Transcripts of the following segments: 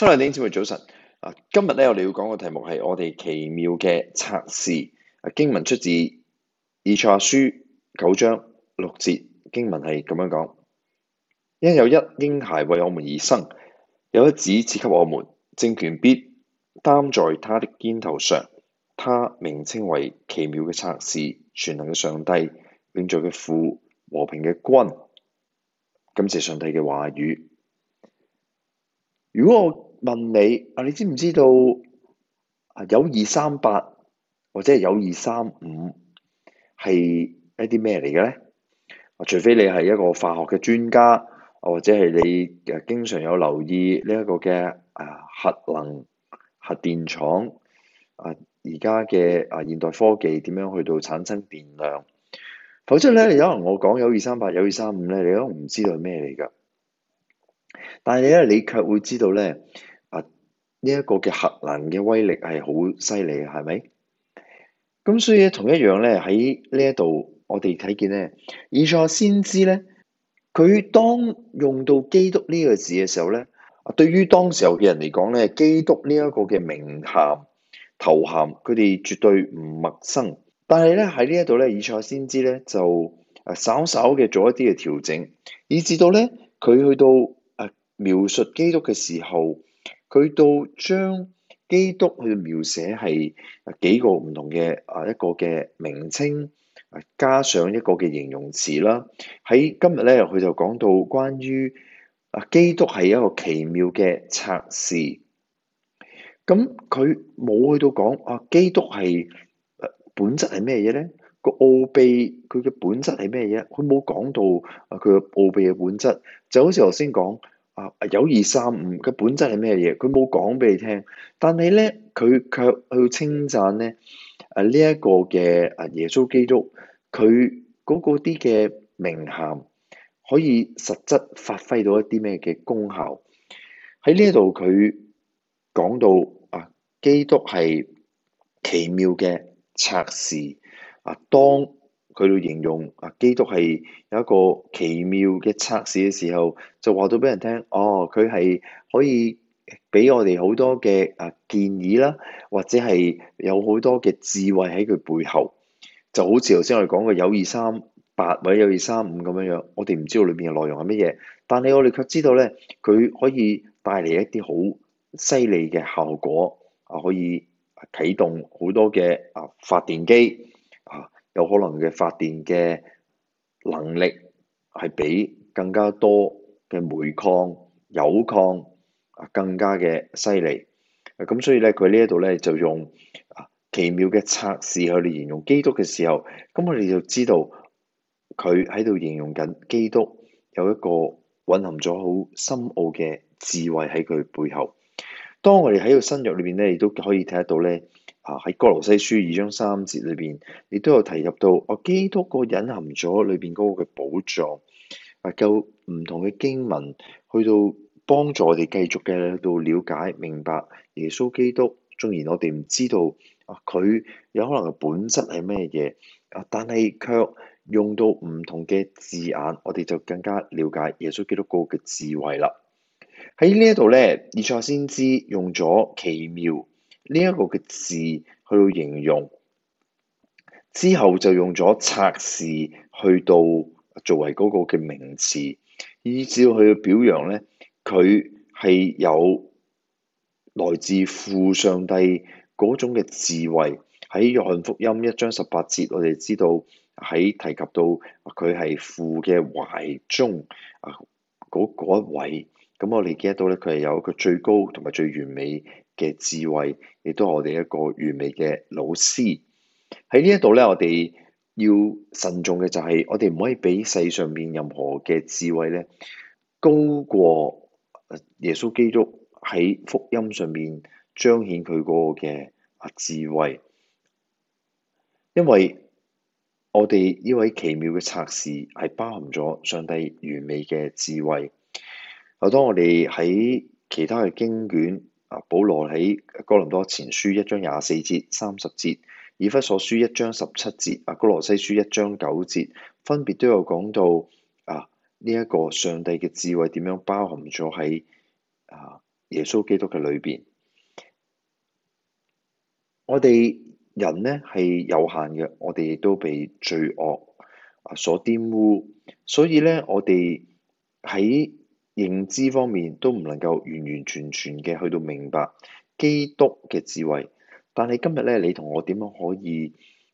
收靚點，姊妹早晨。啊，今日咧我哋要講嘅題目係我哋奇妙嘅策士。經文出自以賽亞書九章六節，經文係咁樣講：因有一嬰孩為我們而生，有一子賜給我們，政權必擔在他的肩頭上。他名稱為奇妙嘅策士，全能嘅上帝，永在嘅父，和平嘅君。感謝上帝嘅話語。如果我問你啊，你知唔知道啊？有二三八或者係有二三五係一啲咩嚟嘅咧？啊，除非你係一個化學嘅專家，或者係你誒經常有留意呢一個嘅啊核能、核電廠啊，而家嘅啊現代科技點樣去到產生電量，否則咧有可能我講有二三八、有二三五咧，你都唔知道係咩嚟㗎。但係你咧，你卻會知道咧。呢一個嘅核能嘅威力係好犀利，係咪？咁所以同一樣咧，喺呢一度我哋睇見咧，以賽先知咧，佢當用到基督呢個字嘅時候咧，對於當時候嘅人嚟講咧，基督呢一個嘅名銜頭銜，佢哋絕對唔陌生。但係咧喺呢一度咧，以賽先知咧就誒稍稍嘅做一啲嘅調整，以至到咧佢去到誒描述基督嘅時候。佢到將基督去描寫係幾個唔同嘅，啊一個嘅名稱，加上一個嘅形容詞啦。喺今日咧，佢就講到關於啊基督係一個奇妙嘅策士。咁佢冇去到講啊，基督係本質係咩嘢咧？個奧秘佢嘅本質係咩嘢？佢冇講到啊，佢嘅奧秘嘅本質就好似頭先講。啊！有二三五嘅本質係咩嘢？佢冇講俾你聽，但係咧，佢卻去稱讚咧啊！呢一個嘅啊耶穌基督，佢嗰啲嘅名銜可以實質發揮到一啲咩嘅功效？喺呢度佢講到啊，基督係奇妙嘅策士啊，當。佢度形容啊，基督係有一個奇妙嘅策士嘅時候，就話到俾人聽，哦，佢係可以俾我哋好多嘅啊建議啦，或者係有好多嘅智慧喺佢背後，就好似頭先我哋講嘅有二三八或者有二三五咁樣樣，我哋唔知道裏邊嘅內容係乜嘢，但係我哋卻知道咧，佢可以帶嚟一啲好犀利嘅效果啊，可以啟動好多嘅啊發電機。有可能嘅發電嘅能力係比更加多嘅煤礦、油礦啊更加嘅犀利。咁所以咧，佢呢一度咧就用奇妙嘅策士去嚟形容基督嘅時候，咁我哋就知道佢喺度形容緊基督有一個藴含咗好深奧嘅智慧喺佢背後。當我哋喺個新約裏邊咧，亦都可以睇得到咧。啊！喺哥羅西書二章三節裏邊，亦都有提及到啊，基督個隱含咗裏邊嗰個嘅寶藏啊，夠唔同嘅經文去到幫助我哋繼續嘅去到了解明白耶穌基督。縱然我哋唔知道啊，佢有可能嘅本質係咩嘢啊，但係卻用到唔同嘅字眼，我哋就更加了解耶穌基督個嘅智慧啦。喺呢一度咧，以賽先知用咗奇妙。呢一個嘅字去到形容之後就用咗策士去到作為嗰個嘅名詞，依照佢嘅表揚咧，佢係有來自父上帝嗰種嘅智慧。喺約翰福音一章十八節，我哋知道喺提及到佢係父嘅懷中嗰一位，咁我哋記得到咧，佢係有一個最高同埋最完美嘅智慧，亦都係我哋一個完美嘅老師。喺呢一度咧，我哋要慎重嘅就係、是，我哋唔可以俾世上面任何嘅智慧咧，高過耶穌基督喺福音上面彰顯佢嗰個嘅啊智慧。因為我哋呢位奇妙嘅策士係包含咗上帝完美嘅智慧。我當我哋喺其他嘅經卷。啊，保羅喺哥林多前書一章廿四節、三十節，以弗所書一章十七節，啊哥羅西書一章九節，分別都有講到啊呢一個上帝嘅智慧點樣包含咗喺啊耶穌基督嘅裏邊。我哋人呢係有限嘅，我哋亦都被罪惡啊所玷污，所以呢，我哋喺認知方面都唔能夠完完全全嘅去到明白基督嘅智慧，但係今日咧，你同我點樣可以誒、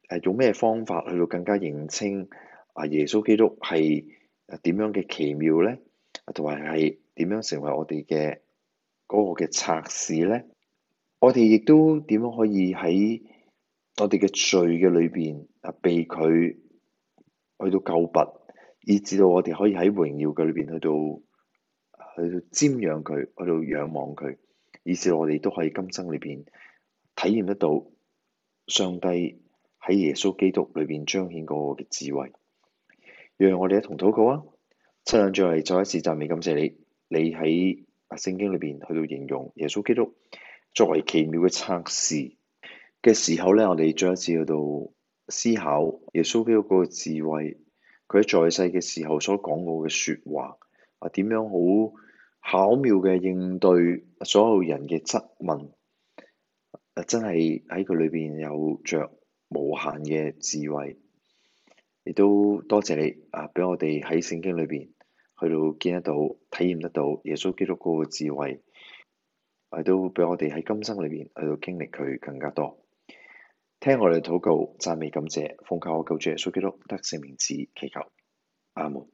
啊、用咩方法去到更加認清啊，耶穌基督係點樣嘅奇妙咧，同埋係點樣成為我哋嘅嗰個嘅策士咧？我哋亦都點樣可以喺我哋嘅罪嘅裏邊啊，被佢去到救拔，以至到我哋可以喺榮耀嘅裏邊去到。去到瞻仰佢，去到仰望佢，以至我哋都可以今生裏邊體驗得到上帝喺耶穌基督裏邊彰顯嗰個嘅智慧。讓我哋一同禱告啊！七兩再嚟再一次讚美感謝你。你喺聖經裏邊去到形容耶穌基督作為奇妙嘅策士嘅時候咧，我哋再一次去到思考耶穌基督嗰個智慧，佢喺在，在世嘅時候所講過嘅說話啊，點樣好，巧妙嘅應對所有人嘅質問，真係喺佢裏邊有着無限嘅智慧，亦都多謝你啊，俾我哋喺聖經裏邊去到見得到、體驗得到耶穌基督嗰個智慧，亦、啊、都俾我哋喺今生裏邊去到經歷佢更加多。聽我哋禱告、讚美、感謝、奉靠我救主耶穌基督得勝名字，祈求阿門。